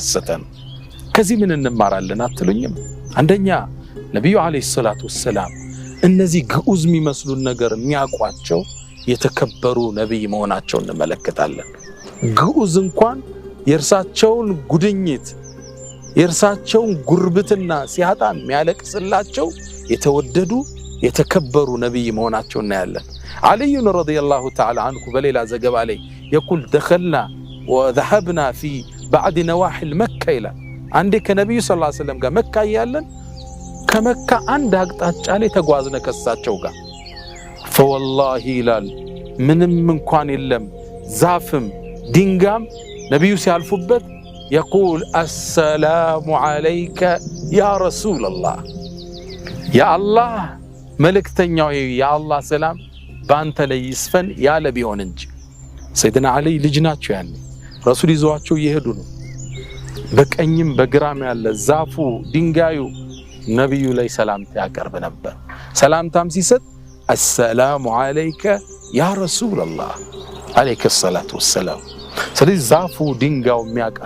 እየተከሰተ ነው። ከዚህ ምን እንማራለን አትሉኝም? አንደኛ ነቢዩ ዓለይሂ ሰላቱ ወሰላም እነዚህ ግዑዝ የሚመስሉን ነገር የሚያውቋቸው የተከበሩ ነቢይ መሆናቸው እንመለከታለን። ግዑዝ እንኳን የእርሳቸውን ጉድኝት የእርሳቸውን ጉርብትና ሲያጣ የሚያለቅስላቸው የተወደዱ የተከበሩ ነቢይ መሆናቸው እናያለን። አልዩን ረዲየላሁ ተዓላ አንሁ በሌላ ዘገባ ላይ የቁል ደኸልና ወዘሀብና ፊ በዐድ ነዋሒል መካ ይላል። አንዴ ከነቢዩ ሰለላሁ ዐለይሂ ወሰለም ጋር መካ እያለን ከመካ አንድ አቅጣጫ ላይ ተጓዝነ ከሳቸው ጋር ፈወላሂ ይላል ምንም እንኳን የለም ዛፍም ድንጋም ነቢዩ ሲያልፉበት የቁል አሰላሙ ዐለይከ ያ ረሱለላህ የአላህ መልእክተኛው የአላህ ሰላም በአንተ ላይ ይስፈን ያለ ቢሆን እንጂ ሰይድና አሊ ልጅ ናቸው ያኔ ረሱል ይዘዋቸው እየሄዱ ነው። በቀኝም በግራም ያለ ዛፉ፣ ድንጋዩ ነቢዩ ላይ ሰላምታ ያቀርብ ነበር። ሰላምታም ሲሰጥ አሰላሙ አለይከ ያ ረሱላላህ አለይከ ሰላቱ ወሰላም። ስለዚህ ዛፉ ድንጋዩ የሚያውቃቸው